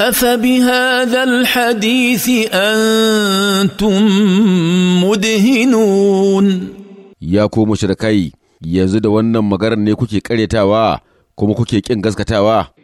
أفبهذا الحديث أنتم مدهنون يا كو مشركي yanzu da wannan maganar ne kuke karyatawa kuma kuke ƙin gaskatawa